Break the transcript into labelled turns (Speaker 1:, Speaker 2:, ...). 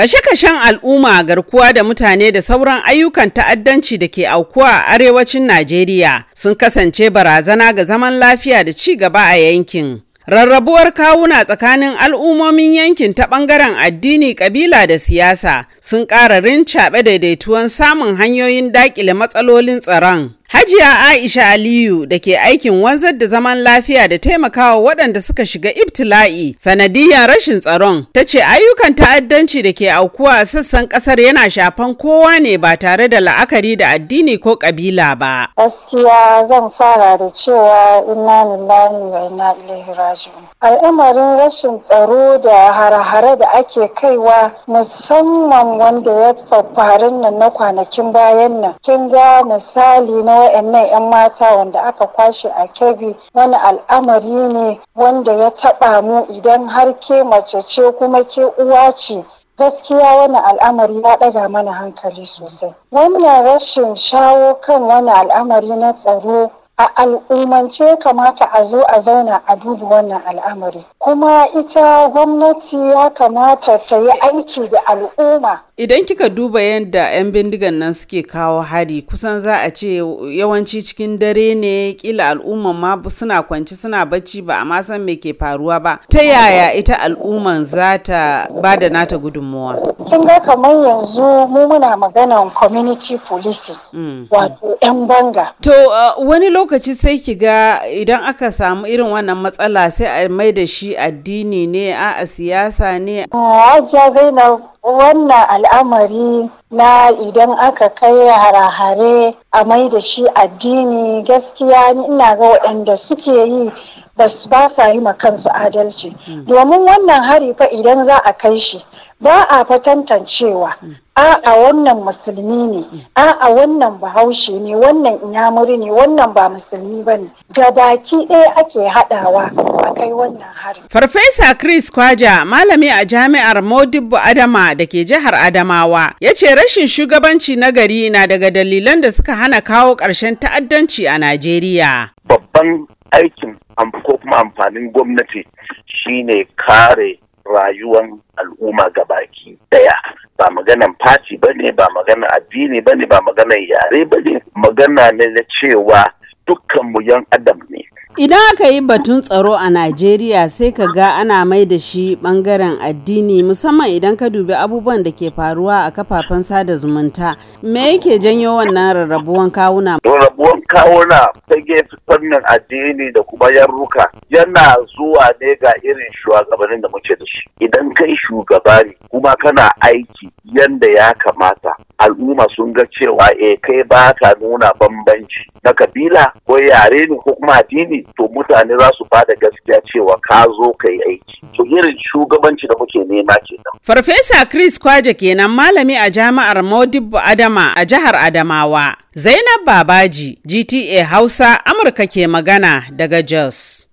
Speaker 1: Kashe-kashen al'umma garkuwa da mutane da sauran ayyukan ta'addanci da ke aukuwa a arewacin Najeriya sun kasance barazana ga zaman lafiya da ci gaba a yankin. Rarrabuwar kawuna tsakanin al'ummomin yankin ta ɓangaren addini, ƙabila da siyasa sun ƙara rincaɓe daidaituwan samun hanyoyin daƙile matsalolin tsaron. Hajiya Aisha Aliyu da ke aikin wanzar da zaman lafiya da taimakawa waɗanda suka shiga ibtila'i sanadiyar rashin tsaron ta ce ayyukan ta'addanci da ke aukuwa a sassan ƙasar yana shafan kowa ne ba tare da la'akari da addini ko ƙabila ba.
Speaker 2: Gaskiya zan fara da cewa inna lillahi wa inna ilaihi raji'un. Al'amarin rashin tsaro da hare da ake kaiwa musamman wanda ya faru nan na kwanakin bayan nan. Kin ga misali na wa'annan 'yan mata wanda aka kwashe a kebi wani al'amari ne wanda ya taɓa mu idan har ke mace ce kuma ke uwa ce gaskiya wani al'amari ya ɗaga mana hankali sosai wannan rashin shawo kan wani al'amari na tsaro a al'ummance kamata a zo a zauna a duba wannan al'amari kuma ita gwamnati ya kamata ta yi aiki da al'umma
Speaker 1: idan kika duba yadda 'yan bindigan nan suke kawo hari kusan za a ce yawanci cikin dare ne kila al'umman ma suna kwanci suna bacci ba a masan san me ke faruwa ba ta yaya ita al'umman za ta ba da nata gudunmuwa
Speaker 2: kin ga kamar yanzu mu muna maganan community policing
Speaker 1: mm. wato 'yan banga to uh, wani lokaci lokaci sai ki ga idan aka samu irin wannan matsala sai a mai da shi addini ne a siyasa ne. Ah, Hajiya Zainab wannan al'amari na idan aka kai harahare a
Speaker 2: mai da shi addini gaskiya ina ga waɗanda suke yi ba sa yi ma kansu adalci hmm. domin wannan hari fa idan za a kai shi ba a fa hmm. a a wannan musulmi ne hmm. a a wannan bahaushe ne wannan inyamuri ne wannan ba musulmi ba ne ga baki ɗaya ake haɗawa
Speaker 3: a kai wannan
Speaker 1: hari. farfesa chris kwaja malami a jami'ar modibu adama da ke jihar adamawa ya ce rashin shugabanci na gari na daga dalilan da suka hana kawo ƙarshen ta'addanci a najeriya
Speaker 3: babban aikin ko kuma amfanin gwamnati shine kare rayuwan al'umma ga baki daya ba maganan fati ba ne ba maganan addini ba ne ba maganan yare ba ne magana ne na cewa dukkanmu yan adam ne
Speaker 1: Idan aka yi batun tsaro a Najeriya sai ka ga ana mai da shi bangaren addini musamman idan ka dubi abubuwan da ke faruwa a kafafen sada zumunta. Me yake janyo wannan rarrabuwan
Speaker 3: kawuna? Rarrabuwan kawuna ta gefe fannin addini da kuma yarruka yana zuwa ne ga irin shugabannin da muke da shi. Idan kai shugaba ne kuma kana aiki yanda ya kamata al'umma sun ga cewa e kai ba ka nuna bambanci na kabila ko yare ne ko kuma addini to mutane za su bada gaskiya cewa ka zo ka yi aiki to irin shugabanci da muke nema kenan.
Speaker 1: Farfesa Chris Kwaje kenan malami a jami'ar Modibbo Adama a jihar Adamawa. Zainab Babaji, GTA Hausa, Amurka ke magana daga Jos.